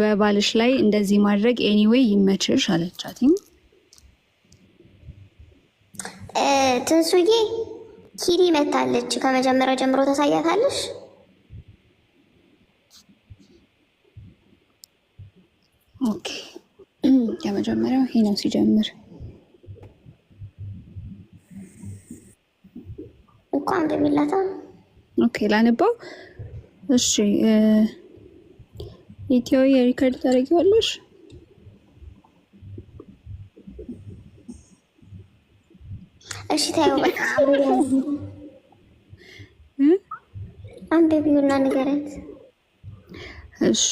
በባልሽ ላይ እንደዚህ ማድረግ ኤኒዌይ ይመችሽ አለቻትኝ። ትንሱዬ ኪሪ መታለች። ከመጀመሪያ ጀምሮ ታሳያታለሽ። ኦኬ ከመጀመሪያው ይሄ ነው ሲጀምር። እንኳን በሚላታ ኦኬ ላንባው። እሺ ኢትዮ የሪከርድ ታደርጊዋለሽ? እሺ ታዩ አንበቢውና ንገረት። እሺ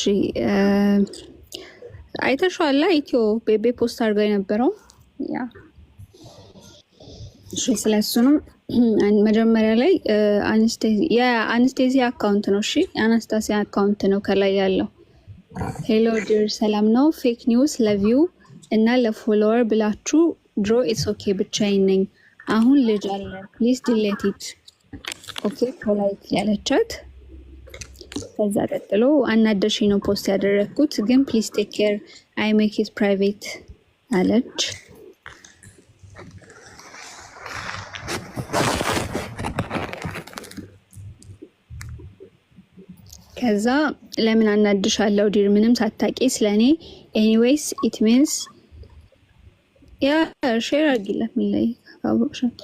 አይተሽዋላ? ኢትዮ ቤቤ ፖስት አድርጋ የነበረው ያ እሺ ስለሱንም መጀመሪያ ላይ የአንስቴዚያ አካውንት ነው። እሺ የአናስታሲያ አካውንት ነው ከላይ ያለው ሄሎ ድር ሰላም ነው። ፌክ ኒውስ ለቪው እና ለፎሎወር ብላችሁ ድሮ ኢትስ ኦኬ ብቻዬን ነኝ አሁን ልጅ አለ ፕሊስ ድሌቲት ኦኬ ፖላይት ያለቻት። ከዛ ቀጥሎ አናደርሽ ነው ፖስት ያደረግኩት ግን ፕሊስ ቴክ ኬር አይ ሜክ ኢት ፕራይቬት አለች። ከዛ ለምን አናድሻለው ዲር ምንም ሳታቂ ስለኔ ኤኒዌይስ ኢት ሚንስ ያ ሼር አርጊላት ምን ላይ ካባብሽት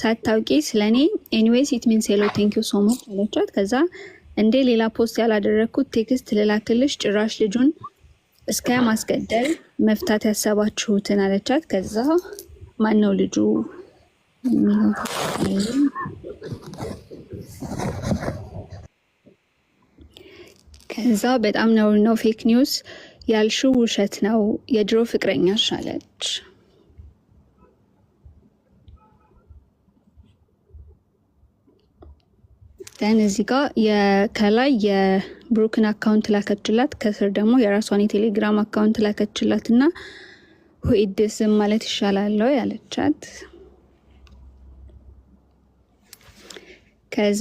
ሳታውቂ ስለኔ ኤኒዌይስ ኢት ሚንስ ሄሎ ቴንክ ዩ ሶ ማች አለቻት። ከዛ እንዴ ሌላ ፖስት ያላደረግኩት ቴክስት ልላክልሽ ጭራሽ ልጁን እስከ ማስገደል መፍታት ያሰባችሁትን አለቻት። ከዛ ማን ነው ልጁ? ከዛ በጣም ነው ነው ፌክ ኒውስ ያልሽው ውሸት ነው የድሮ ፍቅረኛሽ አለች። ደን እዚህ ጋር ከላይ የብሩክን አካውንት ላከችላት፣ ከስር ደግሞ የራሷን የቴሌግራም አካውንት ላከችላት እና ሁኢድስም ማለት ይሻላለው ያለቻት ከዛ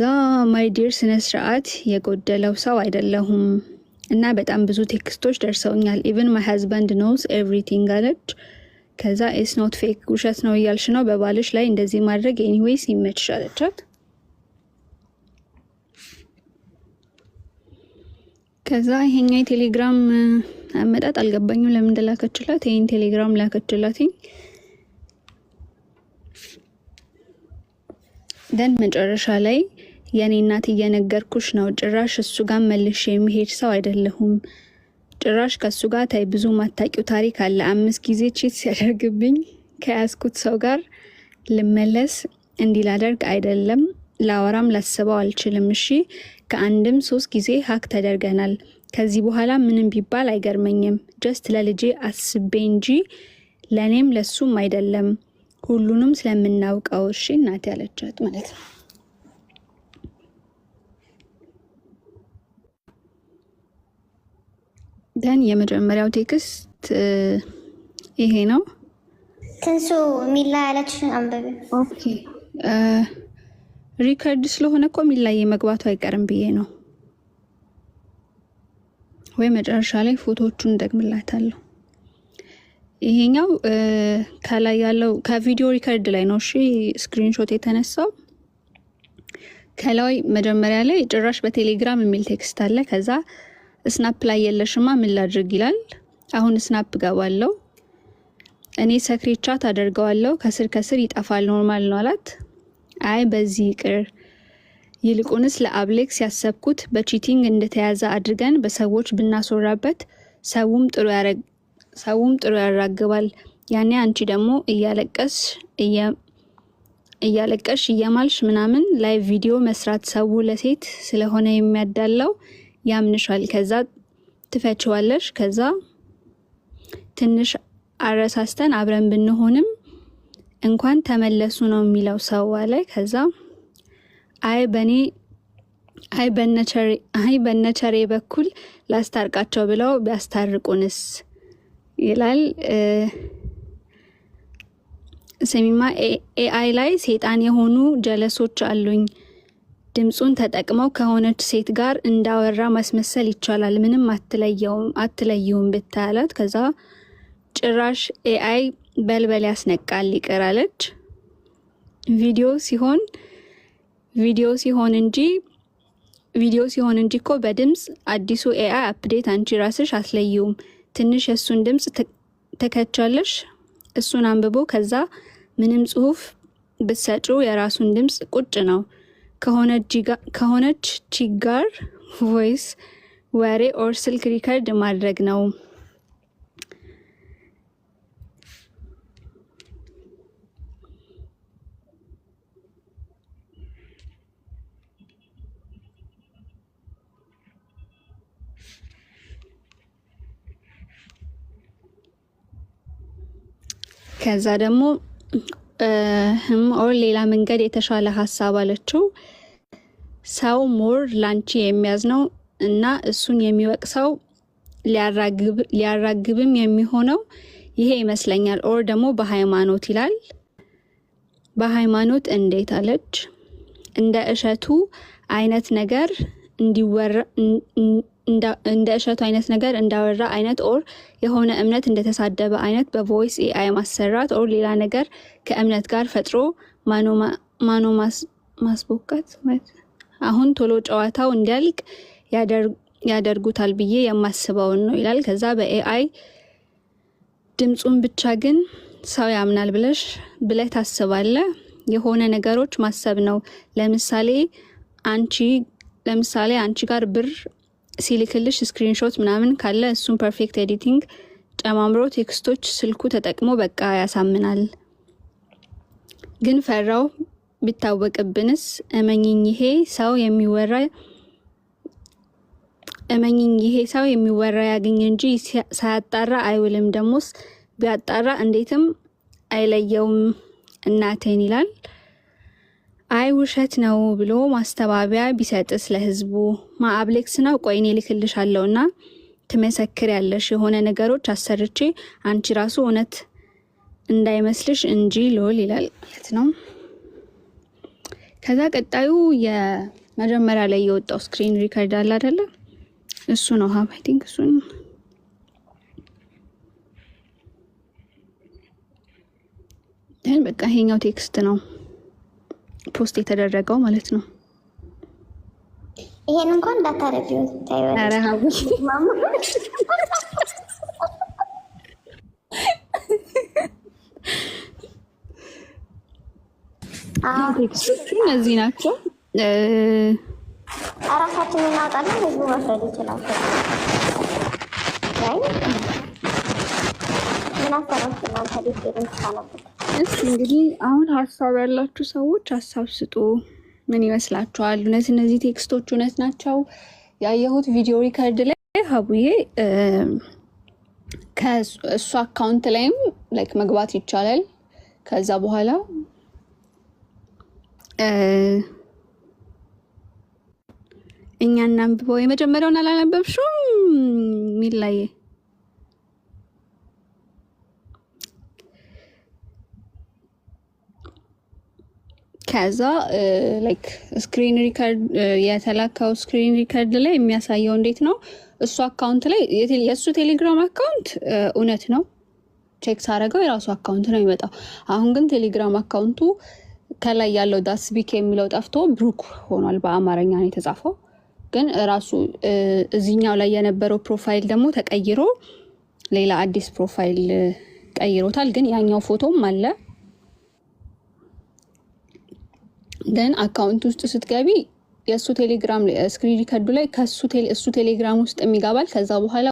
ማይዲር ስነ ስርዓት የጎደለው ሰው አይደለሁም እና በጣም ብዙ ቴክስቶች ደርሰውኛል። ኢቨን ማይ ሀዝባንድ ኖውዝ ኤቭሪቲንግ አለች። ከዛ ኢስ ኖት ፌክ ውሸት ነው እያልሽ ነው በባልሽ ላይ እንደዚህ ማድረግ ኤኒዌይስ ይመችሽ አለቻት። ከዛ ይሄኛ የቴሌግራም አመጣጥ አልገባኝም። ለምን እንደላከችላት ይህን ቴሌግራም ላከችላትኝ። ደን መጨረሻ ላይ የኔ እናት እየነገርኩሽ ነው፣ ጭራሽ እሱ ጋር መልሽ የሚሄድ ሰው አይደለሁም። ጭራሽ ከእሱ ጋር ታይ ብዙ ማታቂው ታሪክ አለ። አምስት ጊዜ ቺት ሲያደርግብኝ ከያዝኩት ሰው ጋር ልመለስ እንዲህ ላደርግ አይደለም። ለአወራም ላስበው አልችልም። እሺ ከአንድም ሶስት ጊዜ ሀክ ተደርገናል። ከዚህ በኋላ ምንም ቢባል አይገርመኝም። ጀስት ለልጄ አስቤ እንጂ ለእኔም ለሱም አይደለም። ሁሉንም ስለምናውቀው እሺ እናት ያለቻት ማለት ነው። ደን የመጀመሪያው ቴክስት ይሄ ነው። ትንሱ ሚላ ያለች አንበቢ ሪከርድ ስለሆነ እኮ ሚላ የመግባቱ አይቀርም ብዬ ነው ወይ መጨረሻ ላይ ፎቶዎቹን ደግምላታለሁ። ይሄኛው ከላይ ያለው ከቪዲዮ ሪከርድ ላይ ነው። እሺ ስክሪንሾት የተነሳው ከላይ መጀመሪያ ላይ ጭራሽ በቴሌግራም የሚል ቴክስት አለ። ከዛ ስናፕ ላይ የለሽማ ምን ላድርግ ይላል። አሁን ስናፕ ገባለው እኔ ሰክሬቻት አደርገዋለሁ። ከስር ከስር ይጠፋል። ኖርማል ነው አላት። አይ በዚህ ይቅር ይልቁንስ ለአብሌክስ ያሰብኩት በቺቲንግ እንደተያዘ አድርገን በሰዎች ብናስወራበት ሰውም ጥሩ ሰውም ጥሩ ያራግባል። ያኔ አንቺ ደግሞ እያለቀስ እያለቀሽ እየማልሽ ምናምን ላይ ቪዲዮ መስራት ሰው ለሴት ስለሆነ የሚያዳላው ያምንሻል። ከዛ ትፈችዋለሽ። ከዛ ትንሽ አረሳስተን አብረን ብንሆንም እንኳን ተመለሱ ነው የሚለው ሰው አለ። ከዛ አይ በኔ አይ በነቸሬ በኩል ላስታርቃቸው ብለው ቢያስታርቁንስ ይላል። ሰሚማ ኤአይ ላይ ሴጣን የሆኑ ጀለሶች አሉኝ። ድምፁን ተጠቅመው ከሆነች ሴት ጋር እንዳወራ ማስመሰል ይቻላል። ምንም አትለየውም ብታያላት። ከዛ ጭራሽ ኤአይ በልበል ያስነቃል ይቀራለች። ቪዲዮ ሲሆን ቪዲዮ ሲሆን እንጂ ቪዲዮ ሲሆን እንጂ እኮ በድምፅ አዲሱ ኤአይ አፕዴት አንቺ ራስሽ አትለየውም። ትንሽ የእሱን ድምፅ ተከቻለሽ። እሱን አንብቦ ከዛ ምንም ጽሑፍ ብትሰጪው የራሱን ድምፅ ቁጭ ነው ከሆነች ቺጋር ቮይስ ወሬ ኦር ስልክ ሪከርድ ማድረግ ነው። ከዛ ደግሞ ኦር ሌላ መንገድ የተሻለ ሀሳብ አለችው። ሰው ሞር ላንቺ የሚያዝ ነው እና እሱን የሚወቅሰው ሊያራግብም የሚሆነው ይሄ ይመስለኛል። ኦር ደግሞ በሃይማኖት ይላል። በሃይማኖት እንዴት አለች እንደ እሸቱ አይነት ነገር እንደ እሸቱ አይነት ነገር እንዳወራ አይነት ኦር የሆነ እምነት እንደተሳደበ አይነት በቮይስ ኤአይ ማሰራት ኦር ሌላ ነገር ከእምነት ጋር ፈጥሮ ማኖ ማስቦካት አሁን ቶሎ ጨዋታው እንዲያልቅ ያደርጉታል ብዬ የማስበውን ነው ይላል። ከዛ በኤአይ ድምፁን ብቻ ግን ሰው ያምናል ብለሽ ብለ ታስባለ። የሆነ ነገሮች ማሰብ ነው። ለምሳሌ አንቺ ለምሳሌ አንቺ ጋር ብር ሲልክልሽ ስክሪንሾት ምናምን ካለ እሱን ፐርፌክት ኤዲቲንግ ጨማምሮ ቴክስቶች ስልኩ ተጠቅሞ በቃ ያሳምናል። ግን ፈራው ቢታወቅብንስ? እመኝኝ ይሄ ሰው የሚወራ እመኝኝ ይሄ ሰው የሚወራ ያገኝ እንጂ ሳያጣራ አይውልም። ደሞስ ቢያጣራ እንዴትም አይለየውም እናቴን ይላል። አይ ውሸት ነው ብሎ ማስተባበያ ቢሰጥስ ለህዝቡ ማአብሌክስ ነው ቆይኔ ትመሰክር ያለሽ የሆነ ነገሮች አሰርቼ አንቺ ራሱ እውነት እንዳይመስልሽ እንጂ ልል ይላል ማለት ነው። ከዛ ቀጣዩ የመጀመሪያ ላይ የወጣው ስክሪን ሪከርድ አለ አደለ? እሱ ነው ሀብ አይ ቲንክ እሱ ነው። በቃ ይሄኛው ቴክስት ነው። ፖስት የተደረገው ማለት ነው። ይሄን እንኳን እንዳታረጊው ቴክስቶቹ እነዚህ ናቸው። እራሳችን እናውጣለን። ህዝቡ መፍረድ ይችላል። ምን አሰራችሁ እናንተ ቤት ሄደን ሳነብቅ እስኪ እንግዲህ አሁን ሀሳብ ያላችሁ ሰዎች ሀሳብ ስጡ። ምን ይመስላችኋል? እውነት እነዚህ ቴክስቶች እውነት ናቸው? ያየሁት ቪዲዮ ሪከርድ ላይ ሀቡዬ ከእሱ አካውንት ላይም ላይክ መግባት ይቻላል። ከዛ በኋላ እኛ እናንብበው። የመጀመሪያውን አላነበብሽም ሚላየ ከዛ ላይክ ስክሪን ሪከርድ የተላካው ስክሪን ሪከርድ ላይ የሚያሳየው እንዴት ነው እሱ አካውንት ላይ የእሱ ቴሌግራም አካውንት እውነት ነው ቼክ ሳረገው የራሱ አካውንት ነው ይመጣው። አሁን ግን ቴሌግራም አካውንቱ ከላይ ያለው ዳስቢክ የሚለው ጠፍቶ ብሩክ ሆኗል። በአማርኛ ነው የተጻፈው። ግን ራሱ እዚኛው ላይ የነበረው ፕሮፋይል ደግሞ ተቀይሮ ሌላ አዲስ ፕሮፋይል ቀይሮታል። ግን ያኛው ፎቶም አለ ደን አካውንት ውስጥ ስትገቢ የእሱ ቴሌግራም ስክሪን ሪከርዱ ላይ ከእሱ ቴሌግራም ውስጥ የሚገባል። ከዛ በኋላ